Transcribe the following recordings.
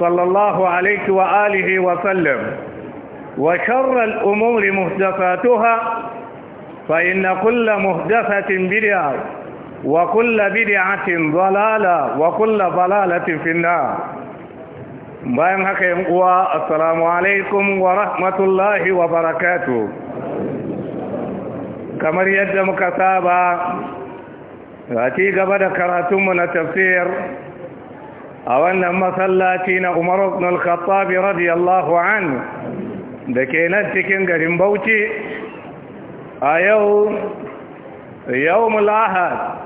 صلى الله عليه وآله وسلم وشر الأمور مهدفاتها فإن كل مهدفة بدعة وكل بدعة ضلالة وكل ضلالة في النار bayan haka yin uwa alaikum wa rahmatullahi wa barakatu kamar yadda muka saba a ci gaba da karatunmu na tafsir a wannan masallaci na umar ibn al-khattab radiyallahu anhu da ke nan cikin garin Bauchi a yau yawmul ahad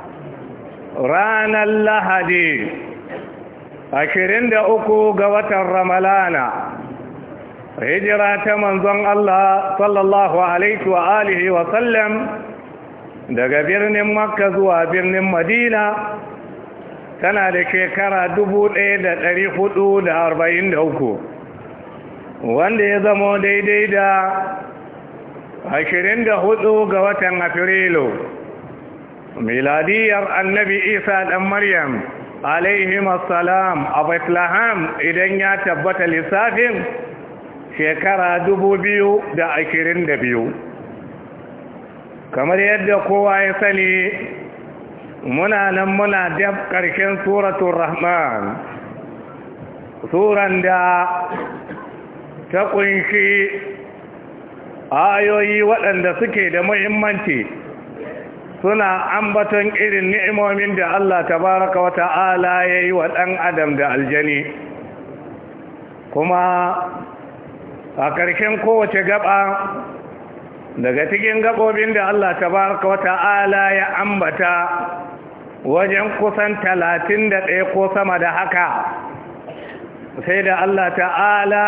ranar lahadi ashirin da uku ga watan ramalana hijira ta manzon Allah sallallahu alaihi wa alihi wa sallam daga birnin makka zuwa birnin madina tana da shekara uku, wanda ya zamo daidai da hudu ga watan afirilu miladiyar annabi isa ɗan maryam alaihim assalam a bethlehem idan ya tabbata lissafin shekara biyu kamar yadda kowa ya sani muna nan muna daf ƙarshen suratun rahman suran da ta ƙunshi ayoyi waɗanda suke da muhimmanci suna ambaton irin ni'imomin da Allah tabaraka wa ta'ala ya yi wa ɗan adam da aljani kuma a ƙarshen kowace gaba daga cikin gaɓoɓin da Allah tabaraka wa ta'ala ya ambata wajen kusan talatin da ɗaya ko sama da haka sai da Allah ta'ala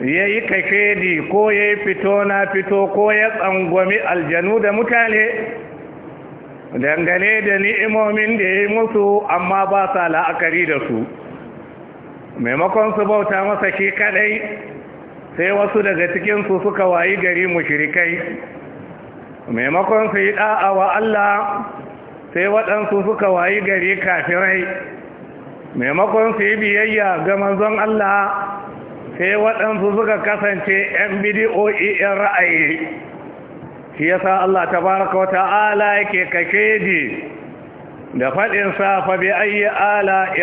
ya yi kashedi ko ya yi fito na fito ko ya tsangwami aljanu da mutane dangane da ni'imomin da ya yi musu amma ba sa la'akari da su maimakon su bauta masa shi kadai sai wasu daga cikinsu suka wayi gari mushirikai maimakon su yi da'awa Allah sai waɗansu suka wayi gari kafirai maimakon su yi biyayya ga manzon Allah sai waɗansu suka kasance 'yan bidi'o'i 'yan ra'ayi shi ya sa Allah Ta wata ta'ala yake di da faɗin safa bi ayyi ala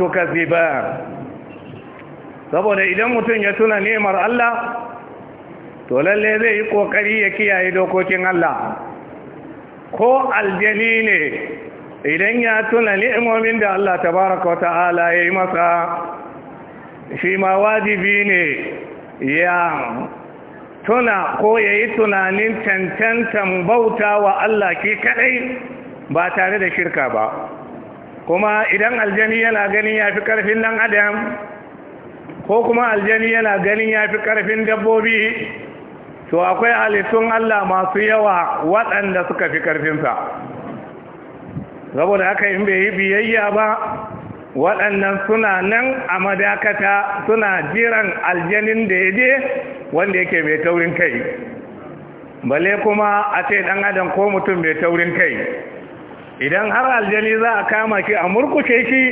tuka ziba saboda idan mutum ya tuna nemar Allah to lalle zai yi ƙoƙari ya kiyaye dokokin Allah ko aljani ne idan ya tuna ni'imomin da Allah tabaraka Ta'ala ya yi masa shi ma wajibi ne ya tuna ko ya yi tunanin cancantan bauta wa Allah ke kadai ba tare da shirka ba kuma idan aljani yana ganin ya fi ƙarfin nan adam ko kuma aljani yana ganin ya fi ƙarfin dabbobi to akwai halittun Allah masu yawa waɗanda suka fi ƙarfinsa saboda aka yi bai yi biyayya ba waɗannan suna nan a madakata suna jiran aljanin da ya je wanda yake mai taurin kai bale kuma a ce ɗan adam ko mutum mai taurin kai idan har aljani za a kama ki a murkushe shi,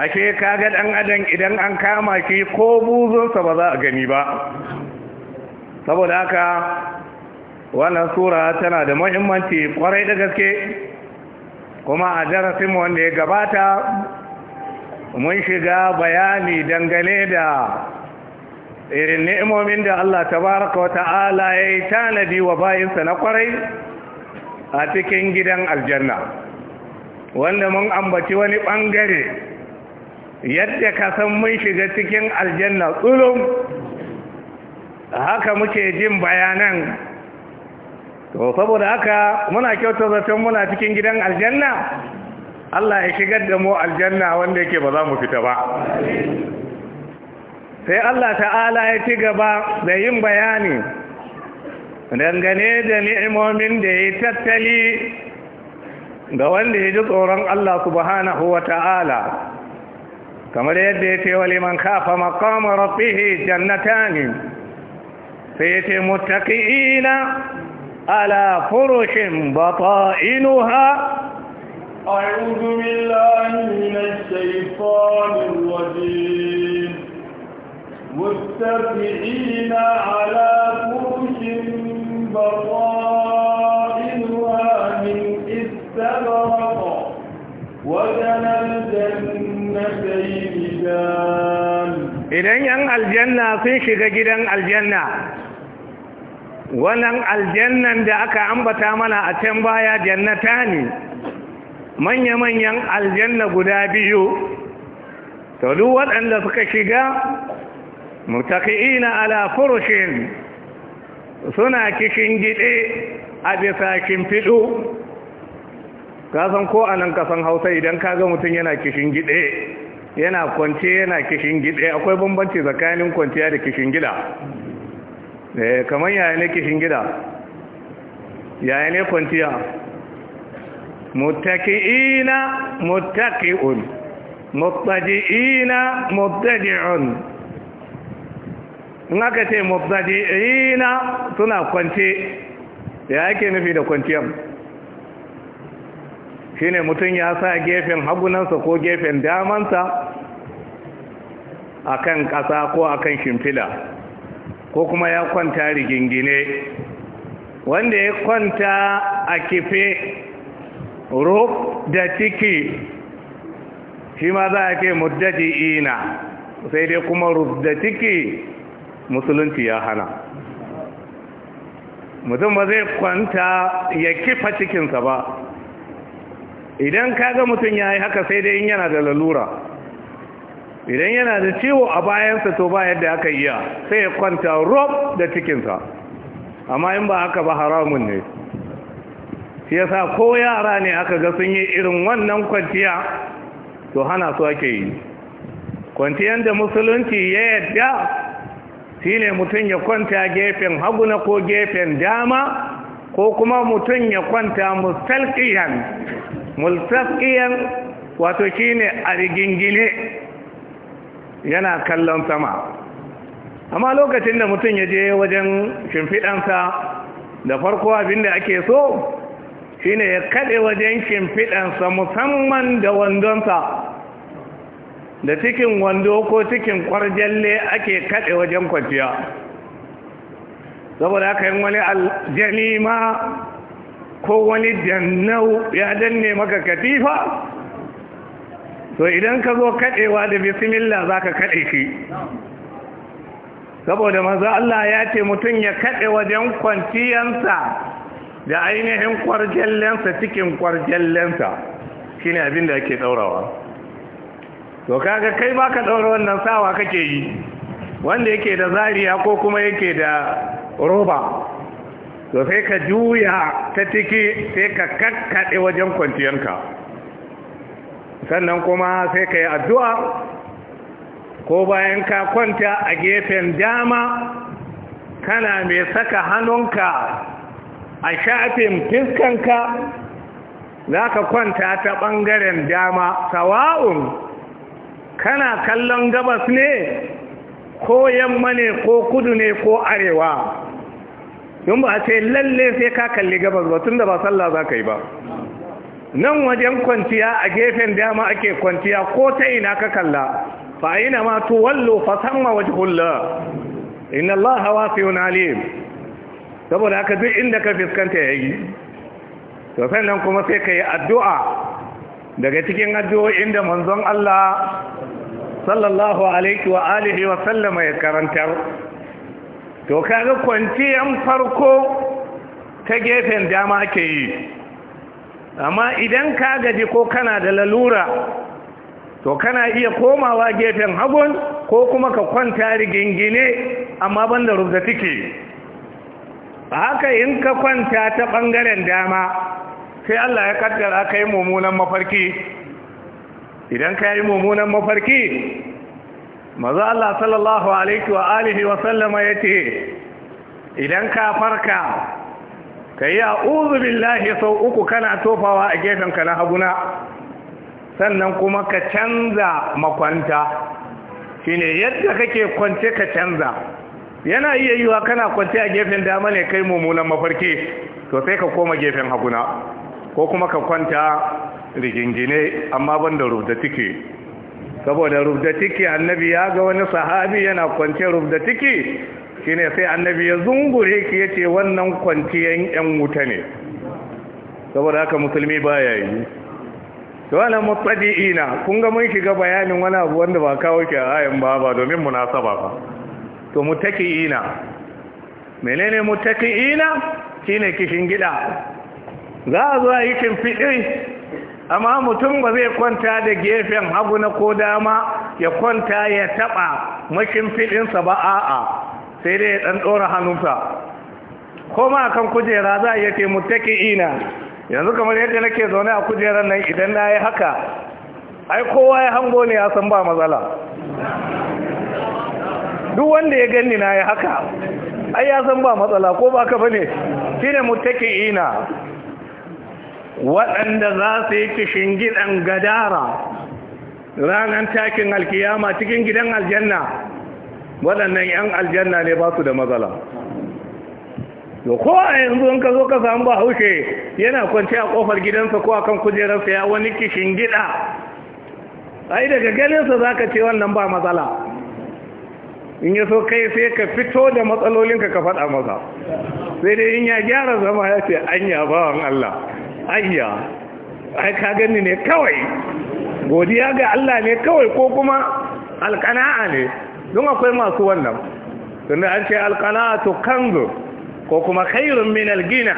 ashe kaga ɗan adam idan an kama ki ko buzunsa ba za a gani ba saboda haka wannan sura tana da muhimmanci kwarai da gaske kuma a darasin wanda ya gabata mun shiga bayani dangane da irin ni'imomin da Allah tabaraka wata'ala ya yi tanadi wa bayinsa na kwarai a cikin gidan aljanna wanda mun ambaci wani bangare yadda ka san mun shiga cikin aljanna tsulun haka muke jin bayanan to saboda haka muna kyauta zaton muna cikin gidan aljanna Allah ya shigar da mu aljanna wanda yake ba za mu fita ba sai Allah ta'ala ya ci gaba da yin bayani dangane da ni'imomin da ya tattali da wanda ya ji tsoron Allah subhanahu wa ta'ala kamar yadda ya ce wa liman kafa maqama rabbih jannatani sai متكئين على فرش بطائنها أعوذ بالله من الشيطان الرجيم متكئين على فرش بطائنها من استبرق وجنى الجنة إذا إذن الجنة في شجر الجنة wannan aljannan da aka ambata mana a can baya jannata ne manya-manyan aljanna guda biyu to duk waɗanda suka shiga mutaki'ina ala furushin suna kishin gide a bisa shimfiɗu kasan ko a nan kasan hausa idan kaga mutum yana kishin gide yana kwance yana kishin gide akwai bambanci tsakanin kwanciya da kishin gida eh kamar yaya ne kishin gida yaya ne kwantiya muttaki'ina muttaki'un muttaji'ina muttaji'un in aka ce muttaji'ina suna kwance ya yake nufi da kwanciyar shine mutum ya sa gefen hagunansa ko gefen damansa akan ƙasa ko akan shimfila ko kuma ya kwanta rigingine wanda ya kwanta a kife rub da ciki shi ma za a ce muddadi ina sai dai kuma rub da ciki musulunci ya hana mutum ba zai kwanta ya kifa cikinsa ba idan kaga mutum ya yi haka sai dai in yana da lalura idan yana da ciwo a bayansa to ba yadda aka iya sai ya kwanta rob da cikinsa amma in ba haka ba haramun ne shi yasa ko yara ne aka ga sun yi irin wannan kwanciya to hana su ake yi kwanciyar da musulunci ya yadda shi ne mutum ya kwanta gefen haguna ko gefen dama ko kuma mutum ya kwanta mustalkiyan wato wato ne a rigingine yana kallon sama amma lokacin da mutum ya je wajen shimfiɗansa da farko abin da ake so shine ya kaɗe wajen shimfiɗansa musamman da wandonsa da cikin wando ko cikin kwarjalle ake kaɗe wajen kwanciya saboda aka yin wani aljani ma ko wani jannau ya danne maka katifa to idan ka zo kadewa da bismillah zaka ka kaɗe shi saboda manzo Allah ya ce mutum ya kade wajen kwanciyansa da ainihin kwarjallensa cikin kwarjallensa shine abin da ake ɗaurawa to kaga kai ba ka ɗaura wannan sawa kake yi wanda yake da zariya ko kuma yake da roba to sai ka juya ta ciki sai ka kakkade wajen kwanciyarka sannan kuma sai ka yi addu'a ko bayan ka kwanta a gefen dama kana mai saka hannunka a shafin fiskanka za ka kwanta ta ɓangaren dama sawa'un kana kallon gabas ne ko yamma ne ko kudu ne ko arewa don ba a ce lalle sai ka kalli gabas ba tun da ba sallah za ka yi ba nan wajen kwanciya a gefen dama ake kwanciya ko ta ina ka kalla fa ina ma wallo fa sama wajhulla inna allaha wasi'un alim saboda haka duk inda ka fiskanta yayi to sannan kuma sai ka yi addu'a daga cikin addu'o'i inda manzon Allah sallallahu alaihi wa alihi wa sallama ya karantar to kaga kwanciyan farko ta gefen dama ake yi amma idan ka gaji ko kana da lalura to kana iya komawa gefen hagun ko kuma ka kwanta rigingine amma banda rubda take haka in ka kwanta ta bangaren dama sai Allah ya kaddara kai mummunan mafarki idan ka yi mummunan mafarki maza Allah sallallahu alaihi wa alihi wa sallama yace idan ka farka ka yi a'udhu lahi sau uku kana tofawa a gefenka na haguna sannan kuma ka canza makwanta ne yadda kake kwance ka canza yana iya yiwa kana kwance a gefen dama ne kai mummunan mafarki to sai ka koma gefen haguna ko kuma ka kwanta rigingine amma banda rubda tiki saboda rubda tiki annabi ya ga wani sahabi yana kwance rubda tiki shine sai annabi ya zungure ki yace wannan kwanciyan yan wuta ne saboda haka musulmi baya yi wala mutadiina kun ga mun shiga bayanin wani abu wanda ba kawo ki a ayan ba ba domin munasaba ba to mutakiina menene mutakiina shine kishin gida za a zo a yi kimfiɗi amma mutum ba zai kwanta da gefen hagu na ko dama ya kwanta ya taɓa mashin fiɗinsa ba a'a sai dai ya ɗan ɗora hannunsa ko ma kan kujera za a iya ce ina yanzu kamar yadda nake zaune a kujerar nan idan na yi haka ai kowa ya hango ne ya san ba matsala duk wanda ya ganni na yi haka ai ya san ba matsala ko ba ka bane shine ina waɗanda za su yi kishin gidan gadara ranar takin alkiyama cikin gidan aljanna waɗannan 'yan aljanna ne ba su da matsala da kowa a yanzu in ka zo ka samu ba haushe yana kwanci a ƙofar gidansa ko akan kujerarsa ya wani kishin gida ai daga ganinsa za ka ce wannan ba matsala in ya so kai sai ka fito da matsalolinka ka faɗa masa sai dai in ya gyara zama ya ce anya bawan Allah anya ai ka gani ne kawai godiya ga Allah ne kawai ko kuma alkana'a ne don akwai masu wannan tunda an ce alqanatu kanzu ko kuma khairun min algina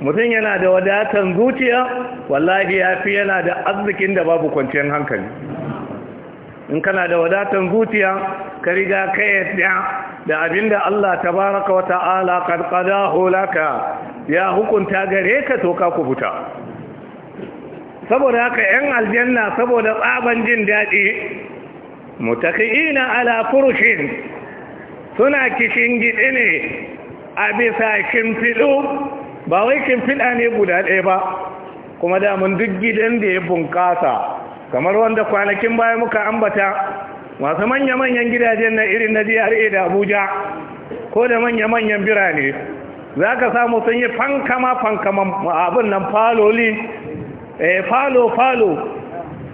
mutum yana da wadatar zuciya wallahi yafi yana da arzikin da babu kwanciyar hankali in kana da wadatar zuciya ka riga ka yadda da abinda Allah tabaraka wa ta'ala kad qadahu laka ya hukunta gare ka to ka kubuta saboda haka yan aljanna saboda tsaban jin daɗi mutaki'ina ala furushin suna kishin gide ne a bisa shimfiɗo ba wai shimfiɗa ne guda ɗaya ba kuma damun duk gidan da ya bunƙasa kamar wanda kwanakin baya muka ambata masu manya-manyan gidajen na irin na DRA da Abuja ko da manya-manyan birane za ka samu sun yi fankama fankama abin nan faloli eh, falo-falo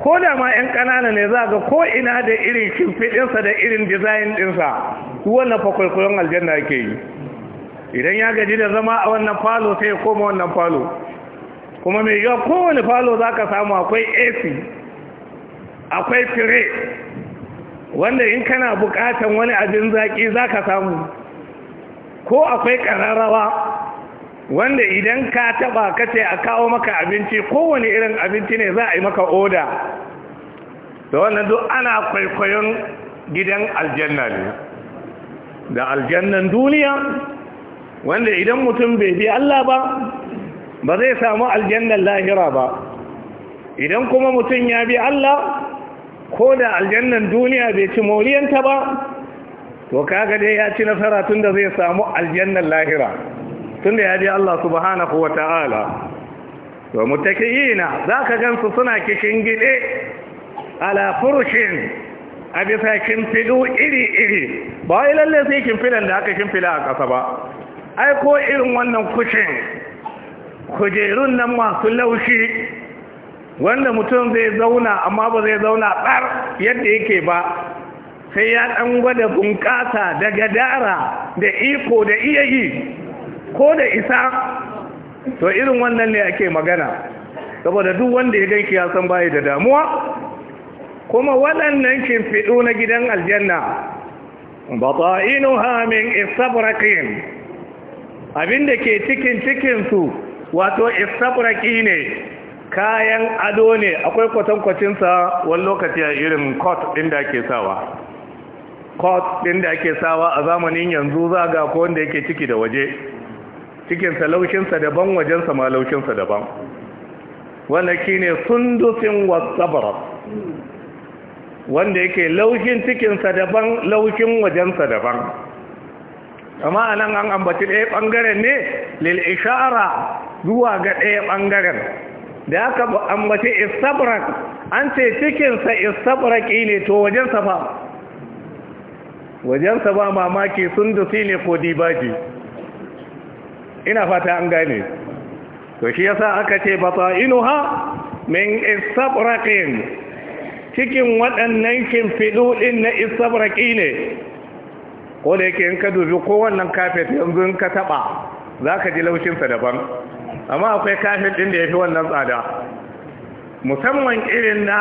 ko da ma 'yan ƙanana ne za ga ko ina da irin shimfiɗinsa da irin dizayin ɗinsa wannan fakwaikwaion aljanna ke yi idan ya gaji da zama a wannan falo sai ya koma wannan falo kuma mai yiwa kowane falo za ka samu akwai ac akwai fire wanda in kana bukatan wani abin zaƙi za ka samu ko akwai ƙararrawa wanda idan ka taba ka ce a kawo maka abinci kowane irin abinci ne za a yi maka oda da wannan duk ana kwaikwayon gidan aljanna ne da aljannan duniya wanda idan mutum bai bi Allah ba ba zai samu aljannan lahira ba idan kuma mutum ya bi Allah ko da aljannan duniya bai ci moriyanta ba to kaga dai ya ci nasara tunda zai samu aljannan lahira tun da ya ji Allah subhanahu wa ta'ala wa mutaki'ina za ka gansu suna kishin gide ala furushin a bisa kimfidu iri-iri ba wai lalle sai kimfidan da aka kimfida a ƙasa ba ai ko irin wannan kushin kujerun nan masu laushi wanda mutum zai zauna amma ba zai zauna ɓar yadda yake ba sai ya ɗan gwada bunƙasa daga dara da iko da iya yi ko da isa to irin wannan ne ake magana saboda duk wanda ya ganki ya san bayi da damuwa kuma waɗannan shimfiɗu na gidan aljanna bata'inuha min istabraqin abinda ke cikin cikin su wato istabraqi ne kayan ado ne akwai kwatankwacinsa sa wani lokaci a irin court ɗin da ake sawa Court din da ake sawa a zamanin yanzu zaga ko wanda yake ciki da waje cikinsa laushinsa daban wajensa ma laushinsa daban wanda ki ne sundusin wasabara wanda yake laushin cikinsa daban laushin wajensa daban amma a nan an ambaci ɗaya ɓangaren ne lil ishara zuwa ga ɗaya ɓangaren da aka ambaci istabrak an ce cikinsa istabraki ne to wajensa ba wajensa ba mamaki sundusi ne ko dibaji ina fata an gane to shi yasa aka ce bata'inuha min istabraqin cikin waɗannan kimfiɗu din na istabraqi ne ko da yake in ka dubi kowannan kafet yanzu in ka taɓa za ka ji laushinsa daban amma akwai kafet ɗin da ya fi wannan tsada musamman irin na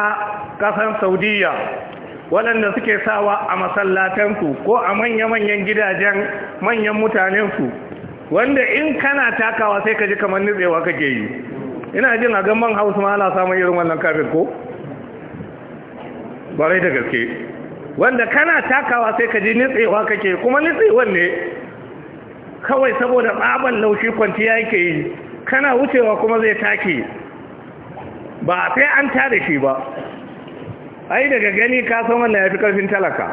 ƙasar saudiya waɗanda suke sawa a masallatansu ko a manya-manyan gidajen manyan mutanensu wanda in kana takawa sai ka ji kamar nitsewa kake yi ina jin a gaban hausu ma ana samun irin wannan kafin ko barai da gaske wanda kana takawa sai ka ji nitsewa kake kuma nitsewa ne kawai saboda tsaban laushi ya yake yi kana wucewa kuma zai take ba sai an tare shi ba ai daga gani ka san wannan ya fi karfin talaka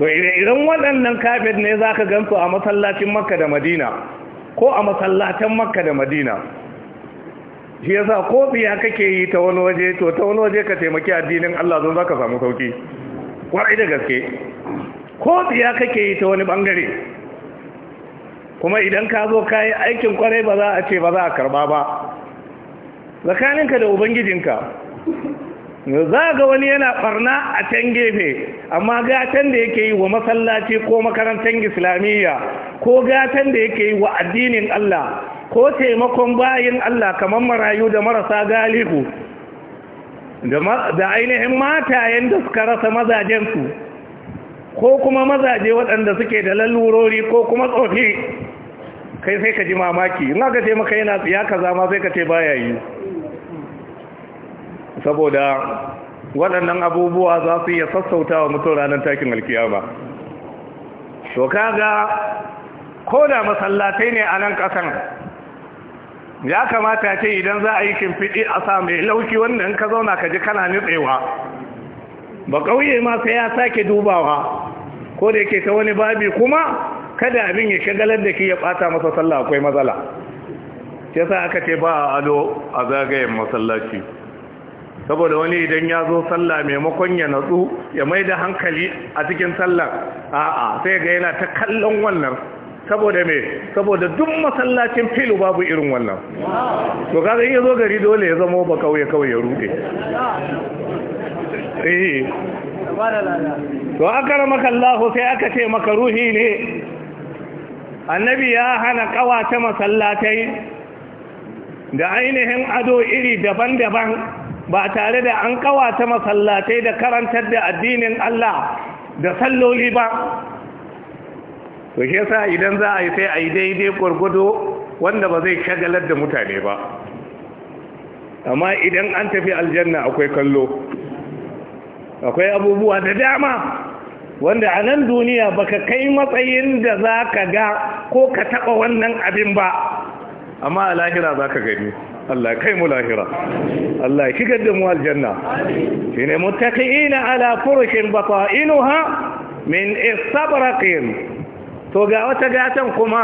to idan waɗannan kafet ne za ka gansu a masallacin makka da madina ko a masallacin makka da madina shi yasa ko biya kake yi ta wani waje to ta wani waje ka taimaki addinin Allah don za ka samu sauki kwarai da gaske ko biya kake yi ta wani bangare kuma idan ka zo ka yi aikin kwarai ba za a ce ba za a karba ba Zakaninka da ubangijinka za ga wani yana farna a can gefe amma gatan da yake yi wa masallaci ko makarantar islamiyya ko gatan da yake yi wa addinin Allah ko taimakon bayin Allah kamar marayu da marasa galihu da ainihin matayen da suka rasa mazajensu ko kuma mazaje waɗanda suke da lalurori ko kuma tsofi kai sai ka ji mamaki in aka taimaka yana tsiya kaza ma sai ka ce baya yi saboda waɗannan abubuwa za su iya sassauta wa mutum ranar takin alkiyama to kaga ko da masallatai ne a nan ƙasan ya kamata ce idan za a yi kimfiɗi a sa mai lauki wanda in ka zauna ka ji kana nutsewa ba ƙauye ma sai ya sake dubawa ko da yake ta wani babi kuma kada abin ya shagalar da ke ya ɓata masa sallah akwai matsala ya sa aka ce ba a ado a zagayen masallaci saboda wani idan ya zo sallah maimakon ya natsu ya mai da hankali a cikin sallar a'a sai ga yana ta kallon wannan saboda me saboda duk masallacin filu babu irin wannan to kaga in ya zo gari dole ya zama ba kawai kawai ya rude eh to akramaka Allah sai aka ce maka ruhi ne annabi ya hana kawace masallatai da ainihin ado iri daban-daban ba tare da an kawata masallatai da karantar da addinin Allah da salloli ba to sa idan za a yi sai a yi daidai gwargwado wanda ba zai shagalar da mutane ba amma idan an tafi aljanna akwai kallo akwai abubuwa da dama wanda a nan duniya baka kai matsayin da za ka ga ko ka taɓa wannan abin ba amma a lahira za ka gani Allah kai mu lahira Allah ya shigar da mu aljanna shine muttaqina ala furushin bata'inuha min istabraqin to ga wata gatan kuma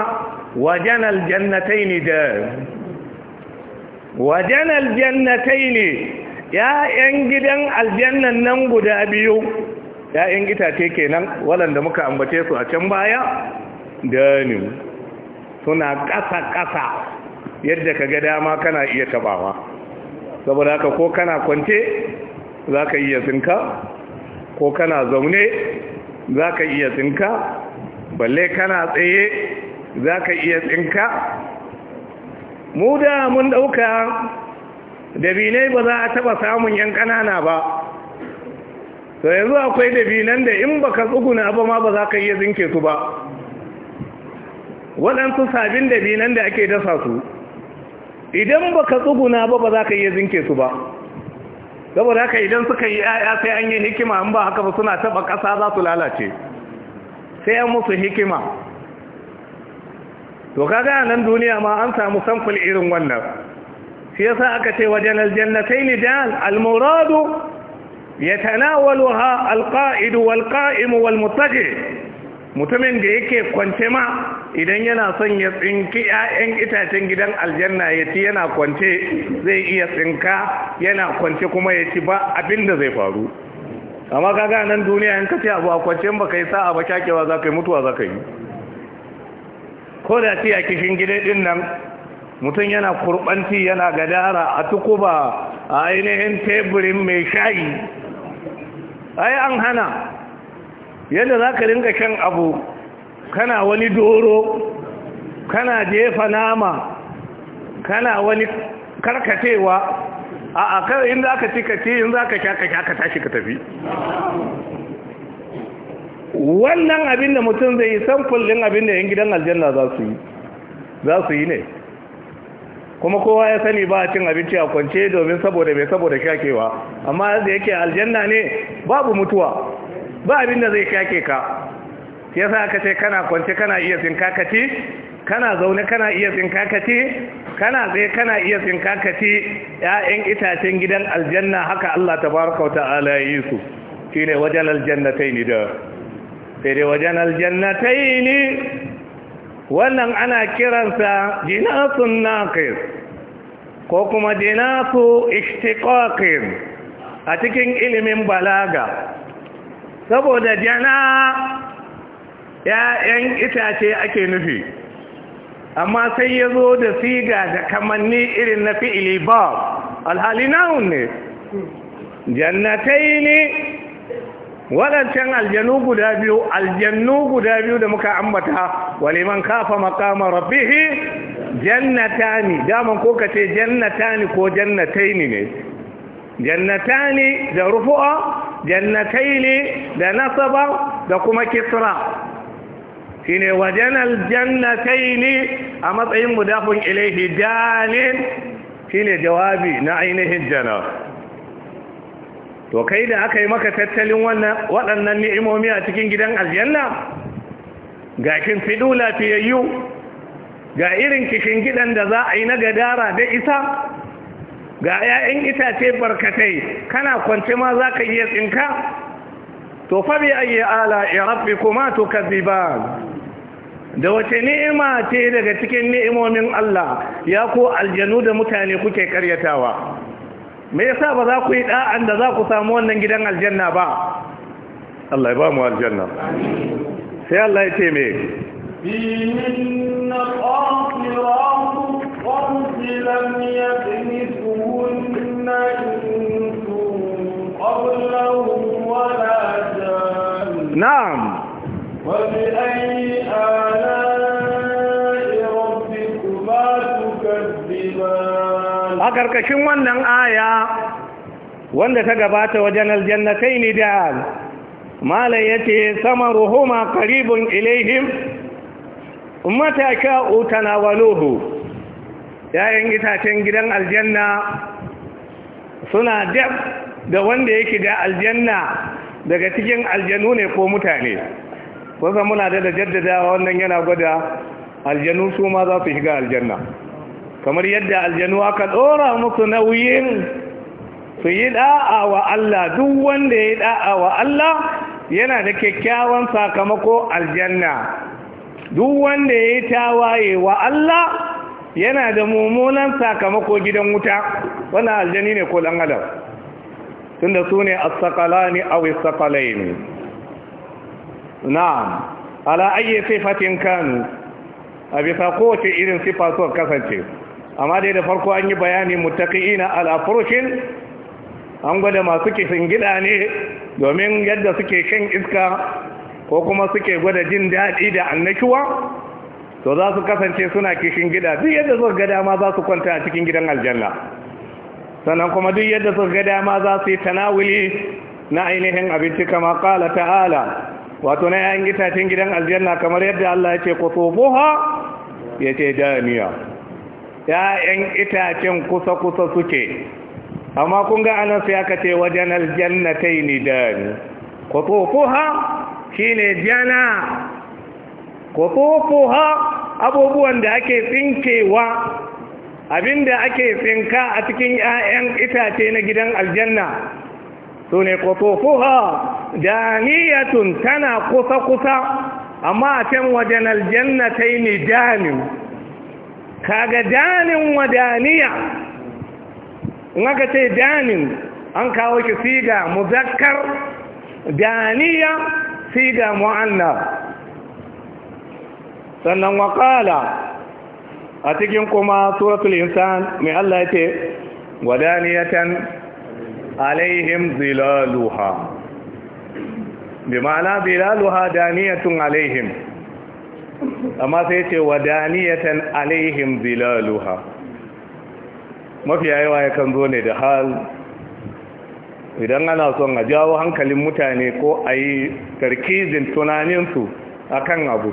wajen aljannatain da wajen aljannatain ya'yan gidan aljannan nan guda biyu ya'yan itace kenan waɗanda muka ambace su a can baya danin suna ƙasa-ƙasa yadda ka ga dama kana iya tabawa saboda haka ko kana kwance za ka iya tsinka ko kana zaune za ka iya tsinka balle kana tsaye za ka iya tsinka mu da mun ɗauka dabinai ba za a taɓa samun yan ƙanana ba to yanzu akwai dabinan da in baka tsuguna ba ma ba za ka iya zinke su ba waɗansu sabin dabinan da ake dasa su idan baka tsuguna ba ba za ka iya zinke su ba saboda haka idan suka yi yaya sai an yi hikima in ba haka ba suna taba ƙasa za su lalace sai an musu hikima to kaga gaya nan duniya ma an samu samfil irin wannan shi yasa aka ce wajen aljannatai ni jahal almuradu wal القائد wal والمتجه mutumin da yake kwance ma idan yana son ya tsinki 'ya'yan itacen gidan aljanna ya ci yana kwance zai iya tsinka yana kwance kuma ya ci ba abin da zai faru amma kaga nan duniya in ka ce abu a kwance ba kai sa'a ba shakewa za ka yi mutuwa za ka yi ko da ce a kishin gida din nan mutum yana kurbanci yana gadara a tukuba a ainihin teburin mai shayi ai an hana yadda za ka ringa shan abu kana wani doro kana jefa nama kana wani karkatewa a a in za ka ci ka ci in za ka sha ka sha ka tashi ka tafi wannan abin da mutum zai yi samfun din abin da yan gidan aljanna za su yi za su yi ne kuma kowa ya sani ba a cin abinci a kwance domin saboda mai saboda shakewa amma da yake aljanna ne babu mutuwa ba abin da zai shake ka yasa aka ce kana kwance kana iya tsinkakaci kana zaune kana iya tsinkakaci kana tsaye kana iya tsinkakaci ya'yan itacen gidan aljanna haka Allah baraka wa ta'ala ya yi su Shi ne wajen ni da sai dai wajen ni wannan ana kiransa jinasun naqis ko kuma jinasu ishtiqaqin a cikin ilimin balaga saboda jana ‘ya'yan itace ake nufi amma sai ya zo da siga da kamanni irin na fi'ili ba alhali na'un ne jannatai ne waɗancan aljanu guda biyu aljannu guda biyu da muka ambata waliman kafa makama rabihi? jannata ne daman ko ka ce jannata ne ko jannatai ne jannatani da rufu'a jannataini da nasaba da kuma kisra shine wajanal jannataini a matsayin mudafin ilaihi danin ne jawabi na ainihin jana to kai da aka yi maka tattalin waɗannan ni'imomi a cikin gidan aljanna ga kin fiye lafiyayyu ga irin kishin gidan da za a yi na gadara da isa ga 'ya'yan itace barkatai kana kwance ma za ka iya tsinka to fabi ayi ala rabbi kuma to tukazziban da wace ni'ima ce daga cikin ni'imomin Allah ya ko aljanu da mutane kuke karyatawa me yasa ba za ku yi da'an da za ku samu wannan gidan aljanna ba Allah ya ba mu aljanna sai Allah ya ce me bi'inna qasiratun qad lam na'am wa bi ayyi ala'i rabbikuma tukazziban a ƙarƙashin wannan aya wanda ta gabata wajen aljannatai ne da malai yace sama ruhuma qaribun ilaihim mata sha'u tanawaluhu yayin itacen gidan aljanna suna dab da wanda yake da aljanna daga cikin aljanu ne ko mutane kusa muna da da jaddadawa wannan yana gwada aljanu su ma za su shiga aljanna kamar yadda aljanu aka ɗora musu nauyin su yi da'a wa Allah duk wanda ya yi da'a wa Allah yana da kyakkyawan sakamako aljanna duk wanda ya yi tawaye wa Allah yana da mummunan sakamako gidan wuta wannan aljani ne ko dan adam tunda su ne as-saqalani a as ne na ala sifatin kanu a bisa kowace irin sifa suka kasance amma dai da farko an yi bayani muttaqiina ala furushin an gwada masu kishin gida ne domin yadda suke shan iska ko kuma suke gwada jin daɗi da annashuwa to za su kasance suna kishin gida duk yadda suka gada ma za su kwanta a cikin gidan aljanna sannan kuma duk yadda suka ga dama za su yi tanawuli na ainihin abinci kama kala ta'ala wato na yayin gitacin gidan aljanna kamar yadda Allah ya ce ya ce daniya ya'yan itacen kusa-kusa suke amma kun ga anan sai aka ce wajen aljanna ta yi ni dani shi shine jana kutubuha abubuwan da ake tsinkewa abinda ake tsinka a cikin 'ya'yan itace na gidan aljanna su ne kotofuha daniyatun tana kusa-kusa amma a can wajen aljanna ta yi ne danin kaga danin wa daniya in ce danin an kawo ki siga muzakkar daniya siga mu'annar sannan waƙala a cikin kuma suratul insan mai Allah ya ce wadaniyatan alaihim zilaluha bi ma'ana zilaluha daniyatun alaihim amma sai ce wadaniyatan alaihim zilaluha mafiya yawa yakan zo ne da hal idan ana son a jawo hankalin mutane ko a yi tarkizin tunaninsu a kan abu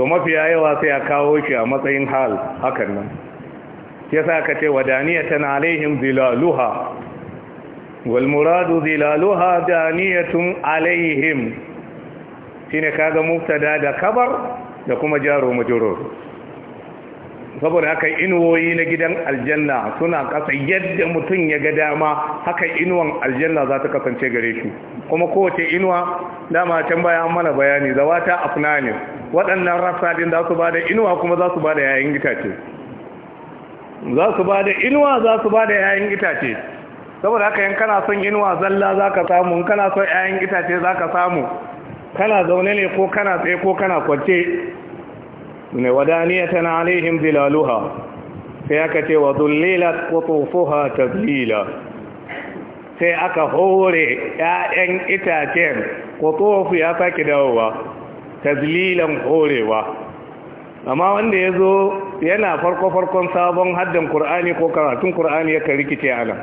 to mafiya yawa sai a kawo shi a matsayin hal hakan nan ya sa ka ce wa daniya tana alaihim zilaluha walmuradu zilaluha daniyatun alaihim shine kaga muftada da kabar da kuma jaro saboda haka inuwoyi na gidan aljanna suna kasa yadda mutum ya ga dama haka inuwan aljanna za ta kasance gare shi kuma kowace inuwa dama can baya mana bayani zawata afnanin waɗannan rasa ɗin za su ba da inuwa kuma za su ba da yayin itace za su ba da inuwa za su ba da yayin itace saboda haka yin kana son inuwa zalla za ka samu kana son yayin itace za ka samu kana zaune ne ko kana tsaye ko kana kwance ne tana alaihim zilaluha sai aka ce wa dhullilat ta tadlila sai aka hore 'ya'yan itacen ko qutufu ya sake dawowa tazlilan horewa amma wanda ya zo yana farko-farkon sabon haddan Kur'ani ko karatun Kur'ani yakan rikice a nan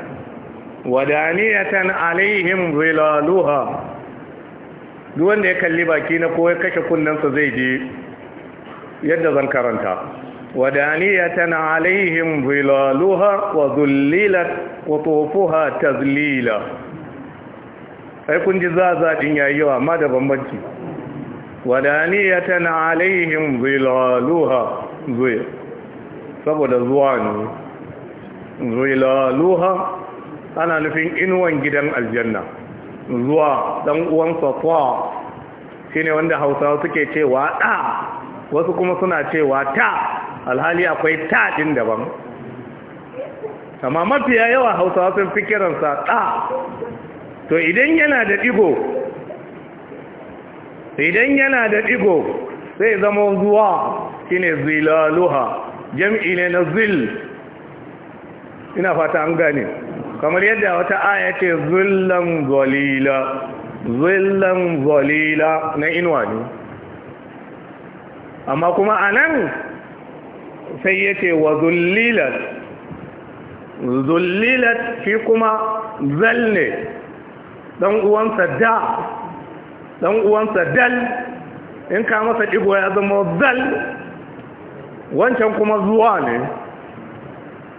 wadaniyatan alaihim zilaluha duk wanda ya kalli baki na ko ya kashe kunnensa zai je yadda zan karanta wadaniyatan alaihim zilaluha wa zullilat qutufuha tazlila ai kun ji zaza din yayi yawa amma da bambanci wadaniyatan alaihim zilaluha zuwa saboda zuwa ne zilaluha ana nufin inuwan gidan aljanna zuwa dan uwan safwa shine wanda hausawa suke cewa da wasu kuma suna cewa ta alhali akwai ta din daban amma mafiya yawa hausawa sun fi kiransa da to idan yana da ɗigo idan yana da digo sai zama zuwa shine zilaluha jam'i ne na zil ina fata an gane kamar yadda wata aya ce zillan zalila zillan zalila na inuwa ne amma kuma a nan sai ce wa zullilat zullilat fi kuma zalle ɗan’uwansa uwansa da dan uwansa dal in ka masa digo ya zama dal wancan kuma zuwa ne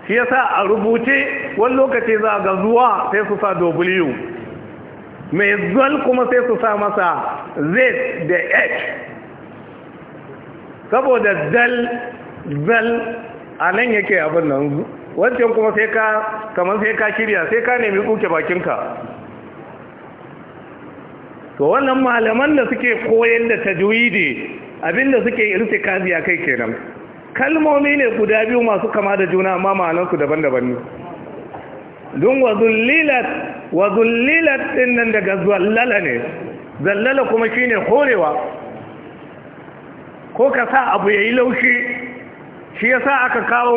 shi yasa a rubuce wani lokaci za ga zuwa sai su sa w mai zal kuma sai su sa masa z da h saboda dal zal a nan yake abin nan wancan kuma sai ka kamar sai ka shirya sai ka nemi kuke bakinka to wannan malaman da suke koyar da tajwidi abinda suke irtikazi kaziya kai kenan kalmomi ne guda biyu masu kama da juna amma su daban-daban ne don wa zullilat wa zullilat din nan daga zallala ne zallala kuma shine horewa ko ka sa abu yayi laushi shi yasa aka kawo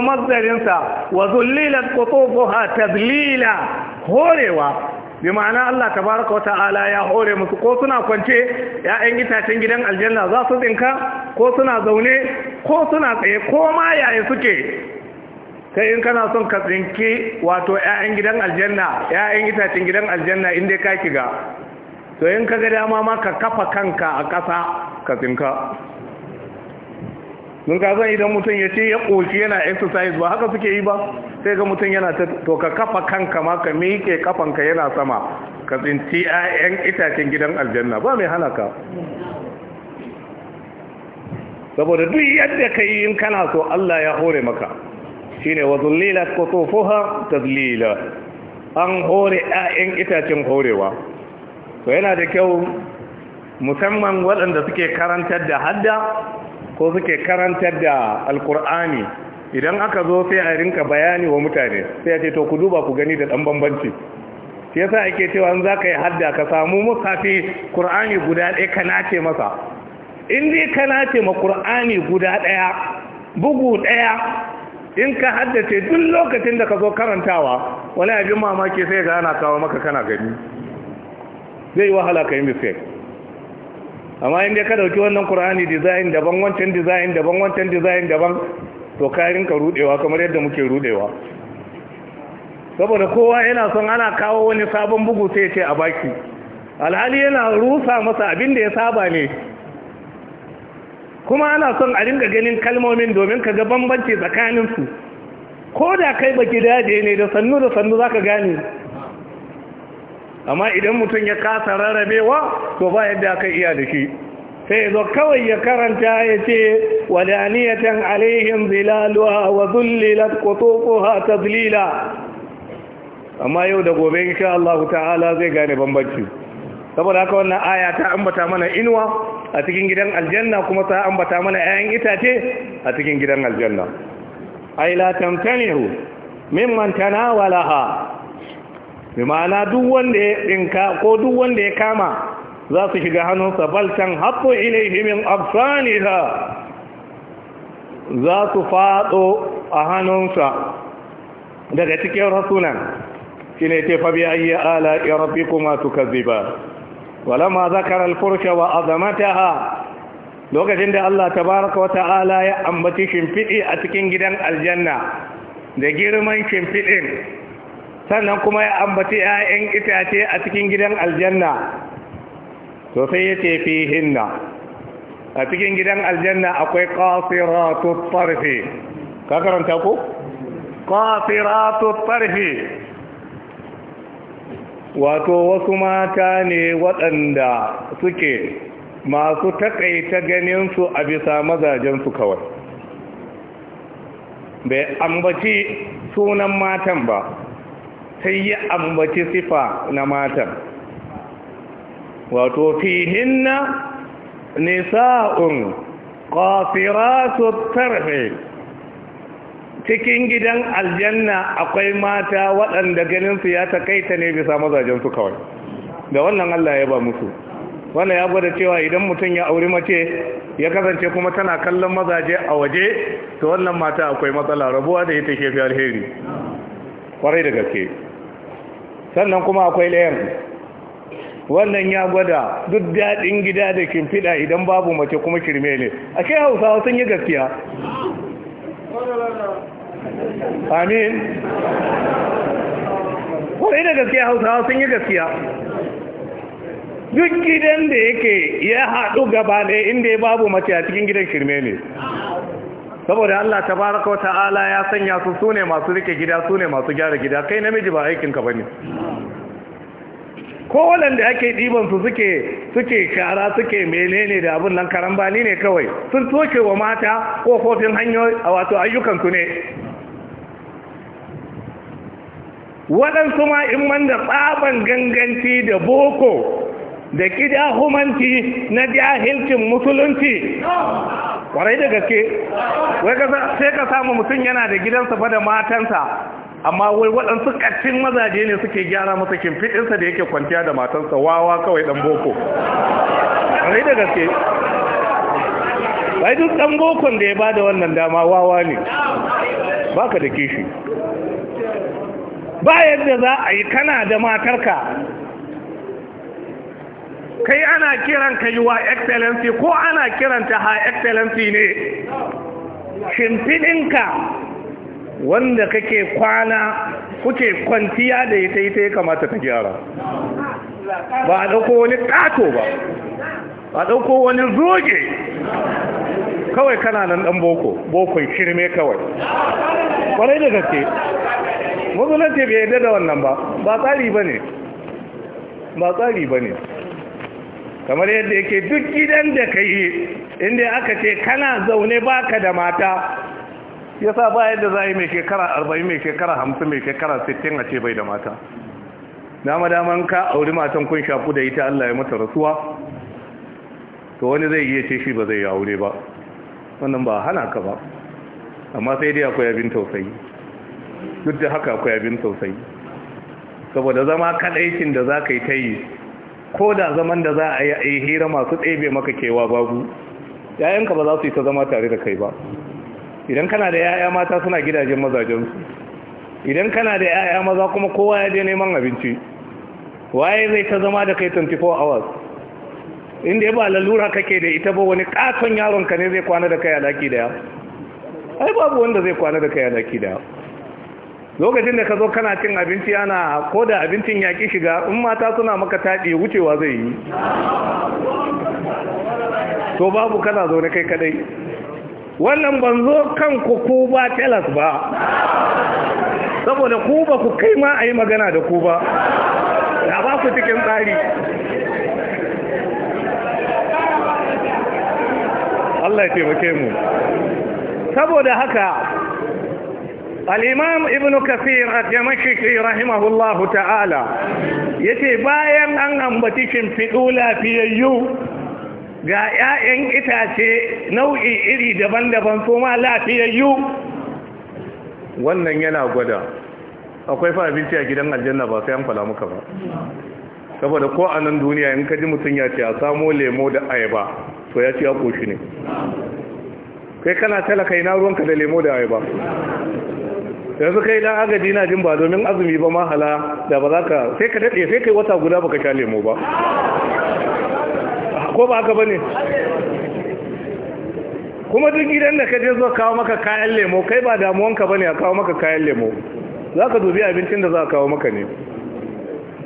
sa wa zullilat qutubuha tadlila horewa bi ma'ana Allah tabaraka wata'ala ya hore musu ko suna kwance ya'yan itacen gidan aljanna za su tsinka ko suna zaune ko suna tsaye ko ma yaya suke sai in kana son ka tsinki wato ya'yan gidan aljanna ya'yan itacen gidan aljanna inda ka kiga to in ka ga dama ma ka kafa kanka a ƙasa ka tsinka mun ka san idan mutum ya ce ya ƙoshi yana exercise ba haka suke yi ba sai ga mutum yana ta to ka kafa kanka ma ka kafanka yana sama ka tsinci 'ya'yan itacen gidan aljanna ba mai hana ka saboda duk yadda ka yi in kana so Allah ya hore maka shine wa zullilat ta tadlila an hore 'ya'yan itacen horewa to yana da kyau musamman waɗanda suke karantar da hadda ko suke karantar da alkur'ani idan aka zo sai a rinka bayani wa mutane sai a ce to ku duba ku gani da dan bambanci shi yasa ake cewa an za ka yi hadda ka samu musafi qur'ani guda ɗaya ka nace masa in dai ka nace ma qur'ani guda ɗaya bugu ɗaya in ka haddace duk lokacin da ka zo karantawa wani abin mamaki sai ga ana kawo maka kana gani zai yi wahala ka yi mistake amma in dai ka dauki wannan qur'ani design daban wancan design daban wancan design daban to kayan ka rudewa kamar yadda muke rudewa saboda kowa yana son ana kawo wani sabon bugu sai ce a baki alhali yana rusa masa abin da ya saba ne kuma ana son a rinka ganin kalmomin domin ka ga bambanci tsakanin su ko da kai baki daje ne da sannu da sannu za ka gane amma idan mutum ya kasa rarrabewa to ba yadda aka iya da shi sai zo kawai ya karanta ya ce wadaniyatan alaihim zilaluwa wa zullilat qutufuha tadlila amma yau da gobe insha Allah ta'ala zai gane bambanci saboda haka wannan aya ta ambata mana inuwa a cikin gidan aljanna kuma ta ambata mana 'ya'yan itace a cikin gidan aljanna ai la tamtanihu mimman tanawalaha bi ma'ana duk wanda ya dinka ko duk wanda ya kama za su shiga hannunsa baltan haɓɓo ilaihi min afsaniha za su faɗo a hannunsa daga cikin rasunan shi ne ce fabi ayi ala irabi kuma Wala walama zakar alfursha wa azamataha lokacin da Allah Ta baraka wa ta'ala ya ambaci shimfiɗi a cikin gidan aljanna da girman shimfiɗin sannan kuma ya ambaci 'ya'yan itace a cikin gidan aljanna to sai yace fi hinna a cikin gidan aljanna akwai qasiratu tarfi ka karanta ko qasiratu tarfi wato wasu mata ne waɗanda suke masu takaita su a bisa mazajensu kawai bai ambaci sunan matan ba sai ya ambaci sifa na matan wato fihinna nisa'un qasiratu tarhi cikin gidan aljanna akwai mata waɗanda su ya takaita ne bisa mazajen su kawai da wannan Allah ya ba musu wannan ya gwada cewa idan mutum ya auri mace ya kasance kuma tana kallon mazaje a waje to wannan mata akwai matsala rabuwa da ita ke fi alheri kwarai da gaske sannan kuma akwai layan wannan ya gwada duk daɗin gida da kimfiɗa idan babu mace kuma kirme ne a kai hausawa sun yi gaskiya amin kwarai da gaskiya hausawa sun yi gaskiya duk gidan da yake ya haɗu gaba ne inda ya babu mace a cikin gidan shirme ne saboda Allah Ta baraka Wata'ala ya sanya su sune masu rike gida sune masu gyara gida kai namiji ba aikinka ba ne. ko waɗanda ake ɗibansu suke suke shara suke menene da abin nan karambani ne kawai sun toke wa mata kofofin hanyoyi a wato ayyukansu ne waɗansu ma in man da tsaban ganganci da boko da humanci na jahilcin musulunci ƙwarai da gaske wai sai ka samu mutum yana da gidansa fa da matansa amma wai waɗansu ƙaccin mazaje ne suke gyara masa kimfiɗinsa da yake kwanciya da matansa wawa kawai ɗan boko rai da gaske rai duk ɗan bokon da ya ba da wannan dama wawa ne ba ka da kishi ba yadda za a yi kana da matarka kai ana kiran ka yi wa excellency ko ana kiranta ha excellency ne shimfiɗinka wanda kake kwana kuke kwanciya da ita ita ya kamata ta gyara ba a ɗauko wani ƙato ba a ɗauko wani zoge kawai kana nan ɗan boko bokon shirme kawai ƙwarai da gaske mazunanci bai yadda da wannan ba ba tsari ba ne ba tsari ba ne kamar yadda yake duk gidan da ka yi inda aka ce kana zaune baka da mata yasa ba yadda za yi mai shekara arba'in mai shekara hamsin mai shekara sittin a ce bai da mata dama daman ka auri matan kun shafu da ita Allah ya mata rasuwa to wani zai iya ce shi ba zai aure ba wannan ba hana ka ba amma sai dai akwai abin tausayi duk da haka akwai abin tausayi saboda zama kaɗaikin da za ka yi ta yi ko da zaman da za a yi hira masu tsebe maka kewa babu yayanka ba za su yi ta zama tare da kai ba idan kana da yaya mata suna gidajen mazajensu idan kana da yaya maza kuma kowa ya je neman abinci waye zai ta zama da kai 24 hours inda ya ba lalura kake da ita ba wani katon yaronka ne zai kwana da kai alaki daya ai babu wanda zai kwana da kai alaki daya lokacin da ka zo kana cin abinci ana ko da abincin ya ki shiga in mata suna maka taɗi wucewa zai yi to babu kana zo na kai kadai wannan ban zo kanku ku ba telas ba saboda ku ba ku kai ma a yi magana da ku ba da ba ku cikin tsari Allah ya taimake mu saboda haka al'imam ibn kafir a jamashiki rahimahullahu ta'ala ya ce bayan an ambaci shimfiɗu lafiyayyu ga 'ya'yan itace nau'i iri daban-daban su ma lafiyayyu wannan yana gwada akwai fara binci a gidan aljanna ba sai an kwala muka ba saboda ko a nan duniya in ka ji mutum ya ce a samo lemo da ayaba to ya ce ya koshi ne kai kana talaka ina ruwanka da lemo da ayaba yanzu kai dan agaji na jin ba domin azumi ba mahala da ba za ka sai ka daɗe sai kai wata guda baka sha lemo ba ko ba haka bane kuma duk gidan da ka je zo kawo maka kayan lemo kai ba damuwan damuwanka bane a kawo maka kayan lemo za ka dubi abincin da za a kawo maka ne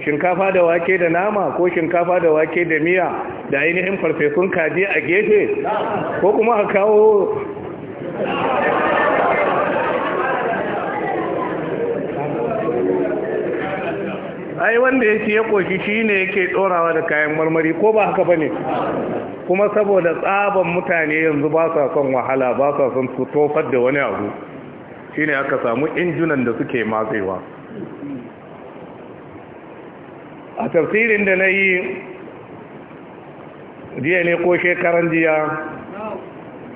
shinkafa da wake da nama ko shinkafa da wake da miya da ainihin farfesun kaji a gefe ko kuma a kawo ai wanda ya ya koki shine yake dorawa da kayan marmari ko ba haka bane kuma saboda tsaban mutane yanzu ba sa son wahala ba sa son su tofar da wani abu shine aka samu injunan da suke matsewa a tafsirin da na yi jiya ne ko shekaran jiya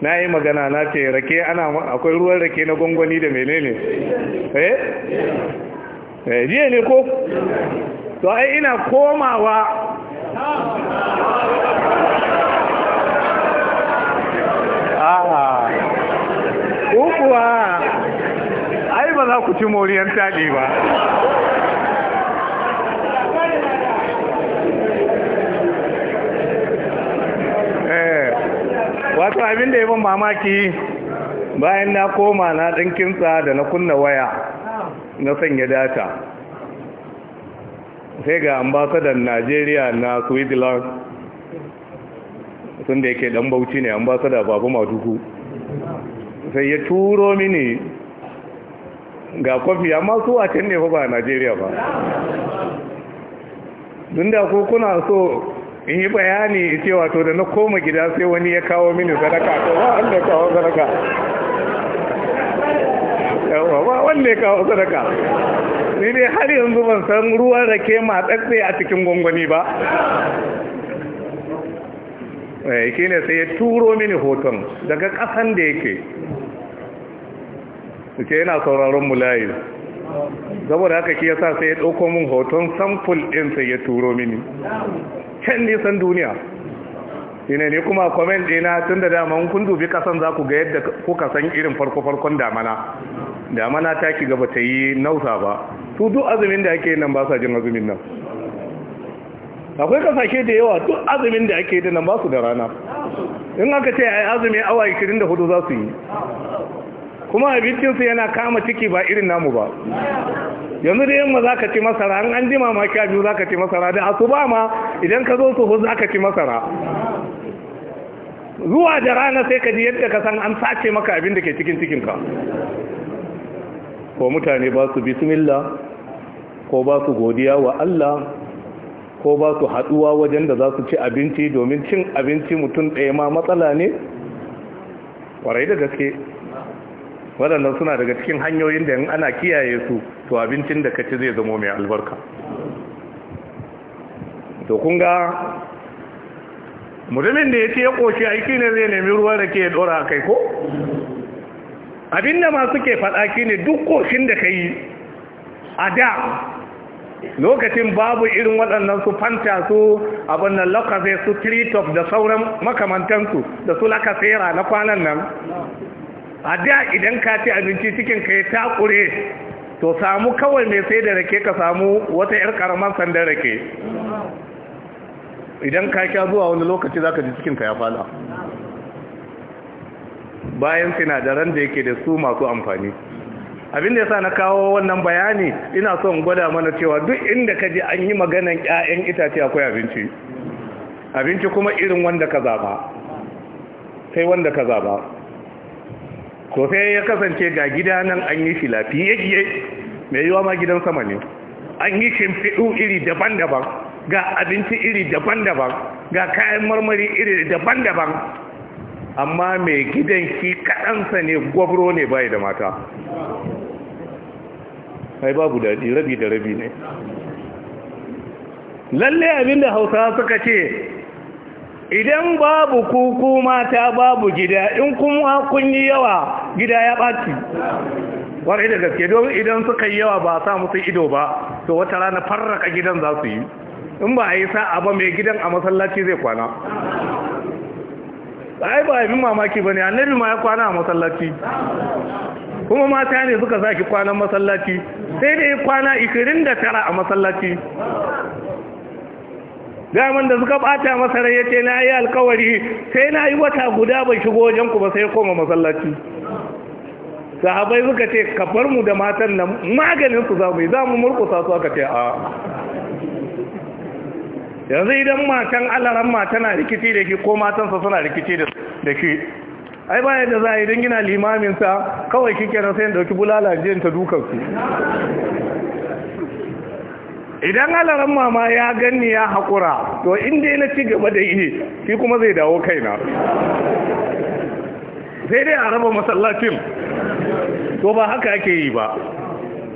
na yi magana na ce rake ana akwai ruwan rake na gwangwani da menene eh Eh, jiya ne ko to ai ina komawa aha kukuwa ai ba za ku ci moriyar taɗe ba eh, wato abin da ya ban mamaki bayan na koma na ɗankinsa da na kunna waya na sanya data sai ga ambasadan najeriya na switzerland sun da yake dan bauchi ne ambasada babu madugu sai ya turo mini ga kwafi amma su a can ne ba najeriya ba dun da ko kuna so in yi bayani cewa to da na koma gida sai wani ya kawo mini sadaka to ba an da kawo sadaka yawa ba wanda ya kawo sadaka ni dai har yanzu ban san ruwan rake ma a cikin gwangwani ba eh, shi kine sai ya turo mini hoton daga kasan da yake suke yana sauraron mulayi saboda haka ki yasa sai ya ɗauko min hoton sample ɗin sai ya turo mini can nisan duniya shine ne kuma comment dina da dama kun dubi kasan za ku ga yadda kuka san irin farko farkon damana damana ta ki gaba ta yi nausa ba su duk azumin da ake nan ba sa jin azumin nan akwai kasashe da yawa duk azumin da ake da nan ba su da rana in aka ce ai azumi awa 24 za su yi kuma abincinsu yana kama ciki ba irin namu ba yanzu da yamma za ka ci masara an an jima ma sha biyu za ka ci masara da asuba ma idan ka zo su za ka ci masara zuwa da rana sai ka ji yadda ka san an sace maka abin da ke cikin cikinka ko mutane ba su bismillah ko ba su godiya wa Allah ko ba su haduwa wajen da za su ci abinci domin cin abinci mutum ɗaya ma matsala ne kwarai da gaske waɗannan suna daga cikin hanyoyin da ana kiyaye su to abincin da ka ci zai zamo mai albarka to kun ga mutumin da ya ce ya ƙoshi aiki ne zai nemi ruwan da ke dora kai ko abinda masu ke faɗa shi ne duk ƙoshin da ka yi a da lokacin babu irin waɗannan su fanta su abinnan lokacin lakafe su tritop da sauran makamantansu da su lakasera na kwanan nan a da idan ka ci abinci cikin ka takure to samu kawai mai sai da rake ka samu wata 'yar karamar sandar rake idan ka kya zuwa wani lokaci zaka ji cikinka ya fada bayan sinadaran da yake da su masu amfani abin da sa na kawo wannan bayani ina son gwada mana cewa duk inda ka ji an yi maganan ƴaƴan itace akwai abinci abinci kuma irin wanda ka zaba sai wanda ka zaba ko sai ya kasance ga gida nan an yi shi lafiyayye mai yiwa ma gidan sama ne an yi shimfiɗu iri daban-daban ga abinci iri daban-daban ga kayan marmari iri daban-daban amma mai gidan shi kaɗansa ne gwabro ne bai da mata ai babu daɗi rabi da rabi ne lalle abinda hausa suka ce idan babu kuku mata babu gida in kuma kun yi yawa gida ya ɓaci warai da gaske don idan suka yi yawa ba sa musu ido ba to wata rana farraka gidan za su yi in ba a yi sa'a ba mai gidan a masallaci zai kwana ai ba abin mamaki ba ne annabi ma ya kwana a masallaci kuma mata ne suka saki kwanan masallaci sai da ya kwana 29 a masallaci daman da suka bata masa rai ce na yi alkawari sai na yi wata guda bai shigo wajenku ba sai koma masallaci sahabai suka ce ka mu da matan nan maganin su za mu yi za mu murkusa su aka ce a yanzu idan matan alaran tana rikici da ke ko matansa suna rikici da ke ai bayan da za a yi don gina limaminsa kawai kike na sayan dauki bulala jiyan ta su. idan alaran mama ya ganni ya haƙura to inda na ci gaba da yi shi kuma zai dawo kai na. sai dai a raba masallacin to ba haka ake yi ba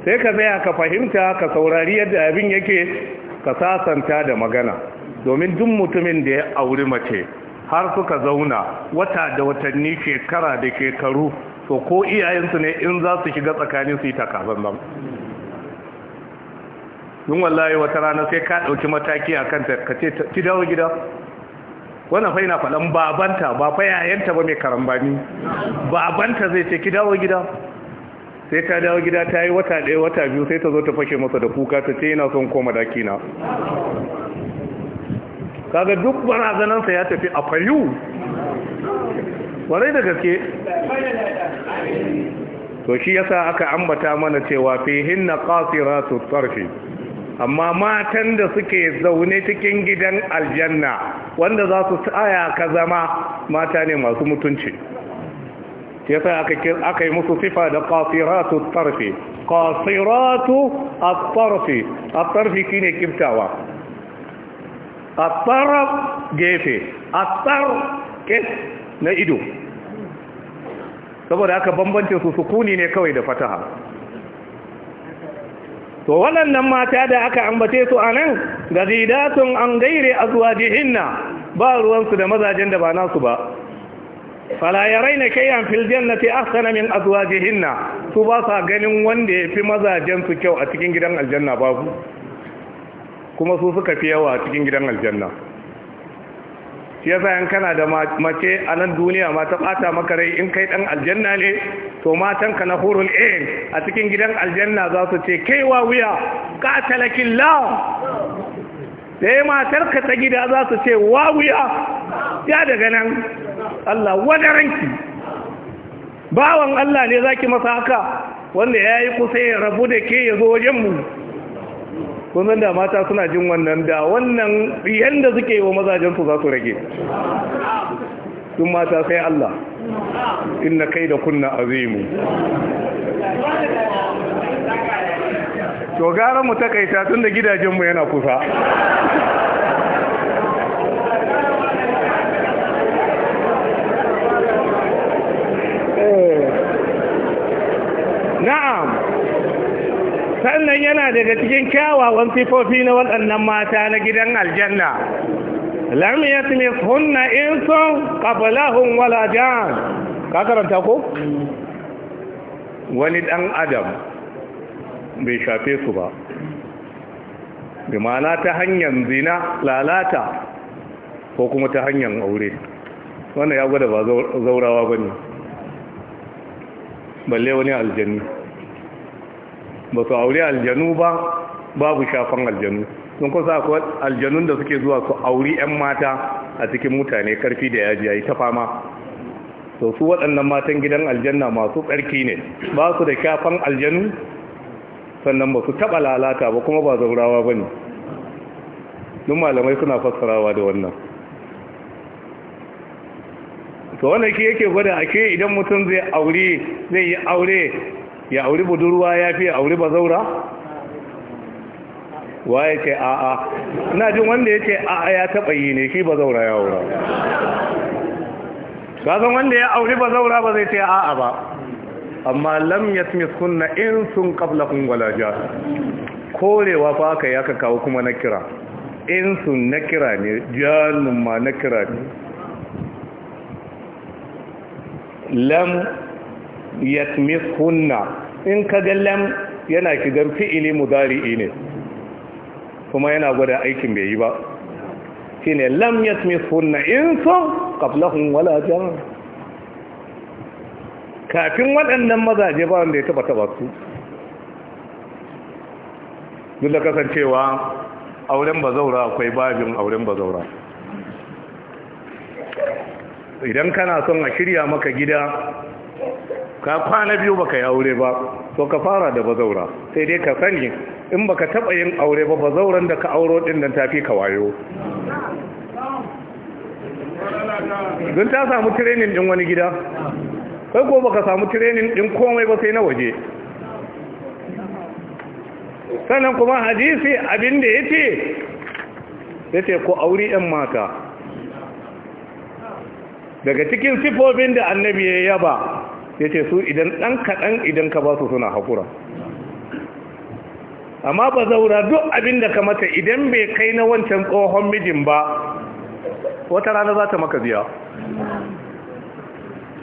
sai ka zaya ka fahimta ka saurari yadda abin yake ka sasanta da magana domin duk mutumin da ya auri mace har suka zauna wata da watanni shekara da shekaru to ko iyayensu ne in za su shiga tsakanin su yi nan yin wallahi wata rana sai ka ɗauki mataki a kanta ka ce ki dawo gida wannan fai na faɗan babanta ba fa yayanta ba mai karambani babanta zai ce ki dawo gida sai ta dawo gida ta yi wata ɗaya wata biyu sai ta zo ta fashe masa da kuka ta ce yana son koma dakina kaga duk barazanansa ya tafi a fayu warai da gaske to shi yasa aka ambata mana cewa fihin na kasira su tsarfi amma matan da suke zaune cikin gidan aljanna wanda za su tsaya ka zama mata ne masu mutunci ya sa aka yi musu sifa da kasiratu tarfi kasiratu tarfi tarfi shine kiftawa gefe tar kes na ido saboda aka bambance su sukuni ne kawai da fataha to waɗannan mata da aka ambace su a nan gazidatun an gaire azwajihinna ba ruwansu da mazajen da ba nasu ba fala ya raina kayan fil jannati ahsana min azwajihinna su ba sa ganin wanda yafi mazajen su kyau a cikin gidan aljanna babu kuma su suka fi yawa a cikin gidan aljanna shi yasa kana da mace a nan duniya ma ta bata maka rai in kai dan aljanna ne to matan ka na hurul ain a cikin gidan aljanna za su ce kai wa wuya qatalakillah sai matar ka ta gida za su ce wa wuya ya daga nan Allah ranki. bawan Allah ne zaki masa haka wanda ya yi kusa ya rabu da ke ya zo wajenmu kun da mata suna jin wannan da wannan yadda suke yi wa mazajensu za su rage sun mata sai Allah inna kai da kunna azimu to gara mu takaita tun da gidajenmu yana kusa na'am sannan yana daga cikin kyawawan sifofi na waɗannan mata na gidan aljanna lam yatmis sun insun qablahum wala jan ka karanta ko wani dan adam bai shafe su ba bi ma'ana ta hanyar zina lalata ko kuma ta hanyar aure wannan ya gwada ba zaurawa bane balle wani aljanu ba su aure aljanu ba babu shafan aljanu sun kusa akwai aljanun da suke zuwa su auri 'yan mata a cikin mutane karfi da yaji yayi ta fama to su waɗannan matan gidan aljanna masu tsarki ne ba su da shafan aljanu sannan ba su taɓa lalata ba kuma ba zaurawa ba ne duk malamai suna fassarawa da wannan to wannan ke yake gwada ake idan mutum zai aure zai yi aure ya auri budurwa ya fi auri bazaura ya ce a'a ina jin wanda ya ce a'a ya taɓa yi ne shi bazaura ya wura kasan wanda ya auri bazaura ba zai ce a'a ba amma lam Smith kunna in sun kabla kun ja korewa fa aka ya ka kawo kuma na kira in sun na kira ne janun ma na kira ne lam yatmithunna in ka ga lam yana kidan fi'ili mudari'i ne kuma yana gwada aikin bai yi ba shine lam yatmithunna insun qablahum wala jan kafin waɗannan mazaje ba wanda ya taba taba su duk da kasancewa auren bazaura akwai babin auren bazaura idan kana son a shirya maka gida ka kwana biyu baka yi aure ba to ka fara da bazaura sai dai ka sani in baka taba yin aure ba bazauran da ka auro din nan tafi ka wayo don ta samu training din wani gida kai ko baka samu training din komai ba sai na waje sannan kuma hadisi abin da yace yace ko aure ɗan mata daga cikin sifofin da annabi ya yaba ya ce su idan ɗan kaɗan idan ka ba su suna haƙura amma ba zaura duk abin da ka mata idan bai kai na wancan tsohon mijin ba wata rana za ta maka biya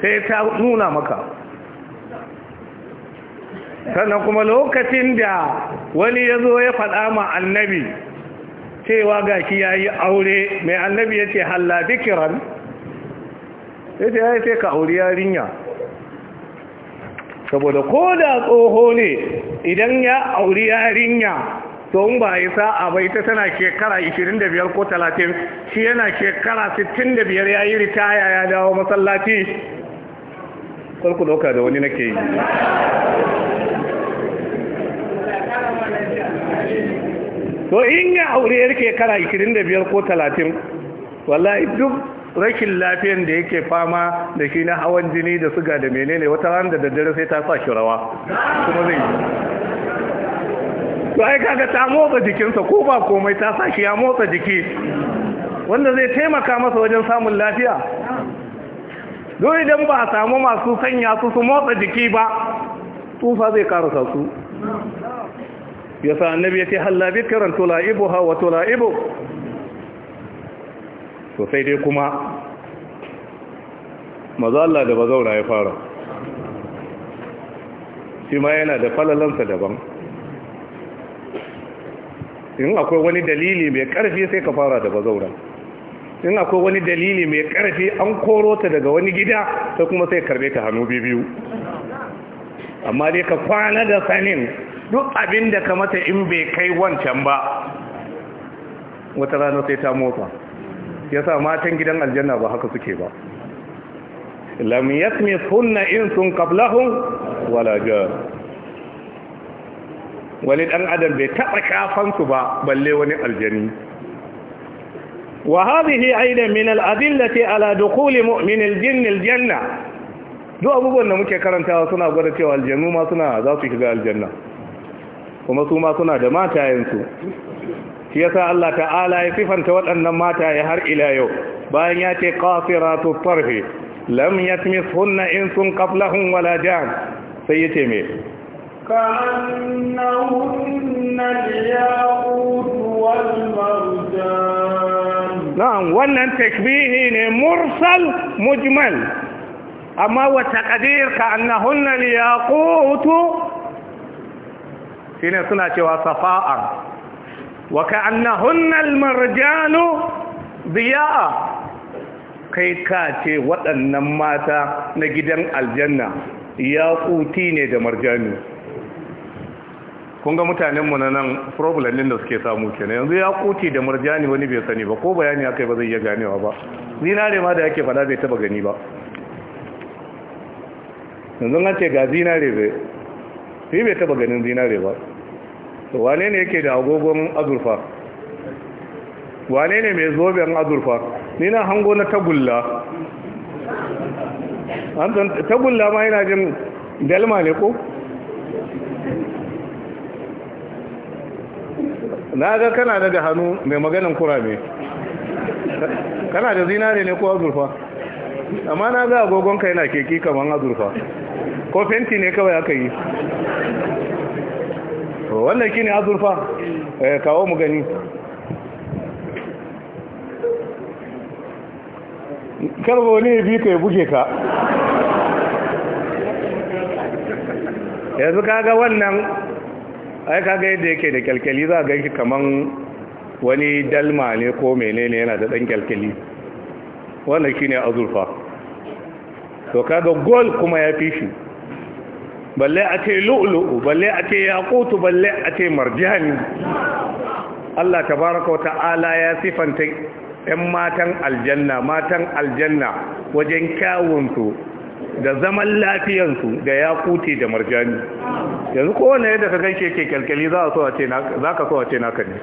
sai ta nuna maka sannan kuma lokacin da wani ya zo ya faɗa ma annabi cewa ga shi ya yi aure mai annabi ya ce halla kiran sai ya yi sai ka auri yarinya saboda ko da tsoho ne idan ya auri yarinya to ba ya sa'a bai ta tana shekara 25 ko 30 shi yana shekara 65 ya yi ritaya ya dawo masallaci ku dauka da wani nake yi to in ya aure yar kara 25 ko 30 wallahi duk rashin lafiyan da yake fama da shi na hawan jini da suga da menene wata ran da daddare sai ta sa shi rawa kuma zai to ai kaga ta motsa jikinsa ko ba komai ta sa shi ya motsa jiki wanda zai taimaka masa wajen samun lafiya don idan ba a samu masu sanya su su motsa jiki ba tsufa zai karasa su yasa annabi ya ce hallabit karanto la'ibuha wa to la'ibu to sai dai kuma mazalla da bazaura ya fara shi ma yana da falalansa daban in akwai wani dalili mai karfi sai ka fara da bazaura in akwai wani dalili mai karfi an koro ta daga wani gida sai kuma sai karbe ta hannu biyu amma dai ka kwana da sanin duk abin da ka mata in bai kai wancan ba wata rana sai ta motsa yasa matan gidan aljanna ba haka suke ba lam yasmithunna insun qablahum wala jar wani dan adam bai taba kafansu ba balle wani aljani wa hadhihi aidan min al-adillati ala dukhul mu'min al-jinn al-janna duk abubuwan da muke karantawa suna gwada cewa Aljannu ma suna za su shiga aljanna kuma su ma suna da matayensu shi yasa Allah ta'ala ya sifanta waɗannan mata ya har ila yau bayan ya ce qasiratu tarfi lam yatmithunna insun qablahum wala jan sai yace me كأنهن الياقوت والمرجان نعم وانا تشبيه مرسل مجمل أما وتقدير كأنهن الياقوت suna cewa safa'a. وكأنهن المرجان ضياء kai ka ce waɗannan mata na gidan aljanna ya kuti ne da marjani Kunga mutanenmu na nan problem ɗin da suke samu na yanzu ya kuti da marjani wani bai sani ba ko bayani aka yi ba zai iya ganewa ba zinare ma da yake fada bai taba gani ba yanzu an ce ga zinare bai bai taba ganin zinare ba to wane ne yake da agogon azurfa wane ne mai zoben azurfa ni na hango na tagulla tagulla ma yana jin dalma ne ko na ga kana daga hannu mai maganin kurame kana da zinare ne ko azurfa amma na ga agogonka yana keke kamar azurfa ko fenti ne kawai aka yi wannan ne azurfa eh, kawo mu gani karbo ne bi ka ya buge ka yanzu kaga wannan ai kaga yadda yake da kyalkyali za a ganki kaman wani dalma ne ko menene yana da dan kyalkyali wannan ne azurfa to kaga gol kuma ya fi balle a ce lu'lu'u balle a ce yaqutu balle a ce marjani Allah tabaraka wata'ala ya sifanta ‘yan matan aljanna matan aljanna wajen kyawunsu da zaman lafiyansu da ya kuti da marjani yanzu kowane yadda ka gaishe ke kyalkyali za ka so a ce naka ne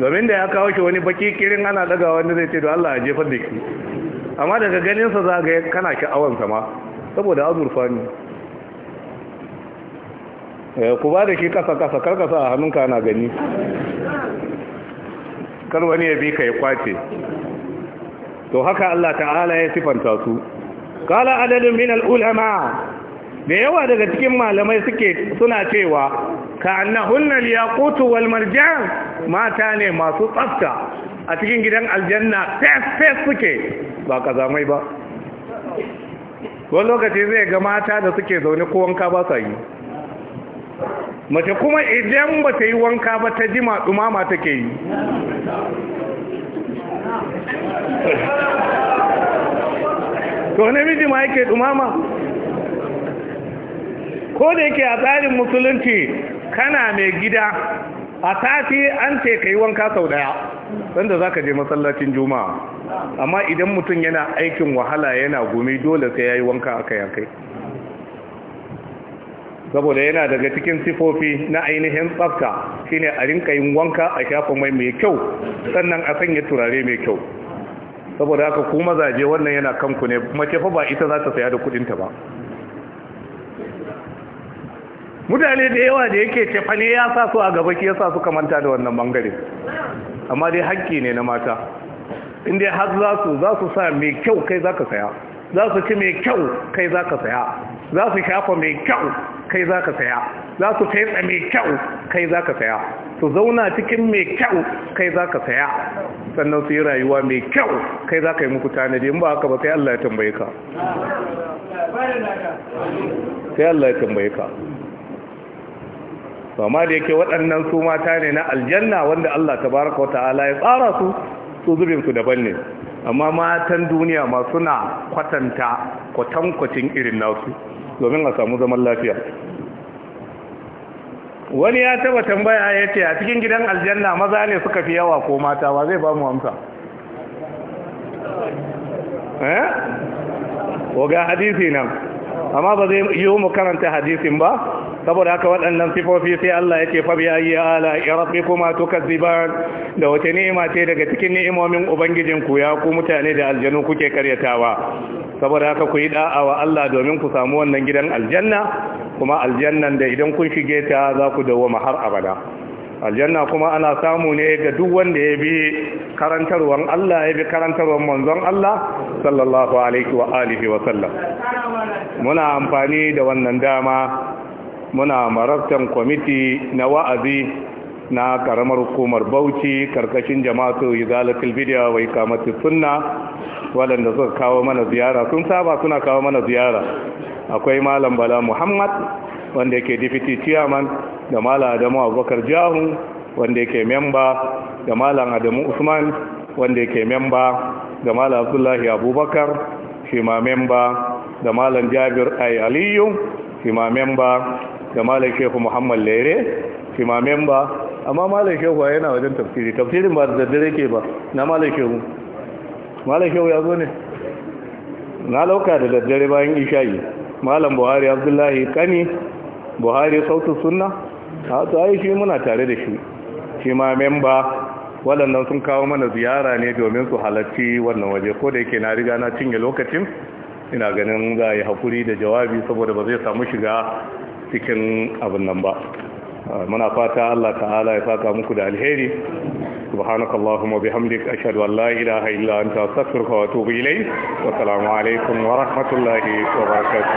domin da ya kawo shi wani baki kirin ana daga wani zai ce da Allah a jefar da shi. amma daga ganinsa za ga kana sha'awansa ma saboda azurfa ne Eh, ku ba da ke kasa-kasa karkasa a hannunka na gani kar wani ya bi ka ya kwace to haka Allah ta'ala ya sifanta su kala adadin min al'ulama da yawa daga cikin malamai suke suna cewa ka annahunna liyaqutu wal marjan mata ne masu tsafta a cikin gidan aljanna fes-fes suke ba kazamai ba wani lokaci zai ga mata da suke zaune ko wanka ba sa yi mace kuma idan ba ta yi wanka ba ta jima dumama take yi to namiji ma yake dumama ko da yake a tsarin musulunci kana mai gida a sati an ce ka yi wanka sau daya wanda za ka je masallacin juma'a amma idan mutum yana aikin wahala yana gumi dole sai ya yi wanka akai-akai saboda yana daga cikin sifofi na ainihin tsafta shine a rinka yin wanka a shafa mai mai kyau sannan a sanya turare mai kyau saboda haka ku mazaje wannan yana kanku ne mace fa ba ita za ta saya da kudinta ba mutane da yawa da yake cefa ne ya sa su a gaba ki ya sa su kamanta da wannan bangare amma dai hakki ne na mata inda har za su za su sa mai kyau kai za ka saya za su ci mai kyau kai za ka saya za su shafa mai kyau kai za ka saya za su fesa mai kyau kai za ka saya su zauna cikin mai kyau kai za ka saya sannan su yi rayuwa mai kyau kai za ka yi muku tanadi ba haka ba sai Allah ya tambaye ka sai Allah ya tambaye ka amma da yake waɗannan su mata ne na aljanna wanda Allah ta baraka wa ta'ala ya tsara su su zubin su daban ne amma matan duniya ma suna kwatanta kwatankwacin irin nasu domin a samu zaman lafiya wani ya taba tambaya ya ce a cikin gidan aljanna maza ne suka fi yawa ko mata ba zai ba mu amsa eh ga hadisi nan amma ba zai yi mu karanta hadisin ba saboda haka waɗannan sifofi sai Allah ya ce fa biya yi ala ya kuma tukazziban da wata ni'ima ce daga cikin ni'imomin ubangijin ku ya ku mutane da aljanu kuke karyatawa saboda haka ku yi da'a wa Allah domin ku samu wannan gidan aljanna kuma aljannan da idan kun shige ta za ku dawoma har abada aljanna kuma ana samu ne ga duk wanda ya bi karantarwar Allah ya bi karantarwar manzon Allah sallallahu alaihi wa alihi wa sallam muna amfani da wannan dama muna marabtan kwamiti na wa'azi na karamar hukumar bauchi karkashin jama'atu izalatul bid'a wa iqamatus sunna waɗanda suka kawo mana ziyara sun saba suna kawo mana ziyara akwai malam bala muhammad wanda yake deputy chairman da malam adamu abubakar jahu wanda yake memba da malam adamu usman wanda yake memba da malam abdullahi abubakar shi ma memba da malam jabir ai aliyu shi ma memba da malam shehu muhammad lere shima memba amma malam shehu yana wajen tafsiri tafsirin ba da dare ke ba na malam shehu malam shehu ya zo ne na lauka da daddare bayan ishayi. malam buhari abdullahi kani buhari sautu sunna a to ai muna tare da shi shi ma memba waɗannan sun kawo mana ziyara ne domin su halarci wannan waje ko da yake na riga na cinye lokacin ina ganin za a yi haƙuri da jawabi saboda ba zai samu shiga cikin abin nan ba muna fata Allah ta'ala ya saka muku da alheri subhanakallahumma bihamdik ashhadu an la ilaha illa anta astaghfiruka wa atubu ilayk wa assalamu alaikum wa rahmatullahi wa barakatuh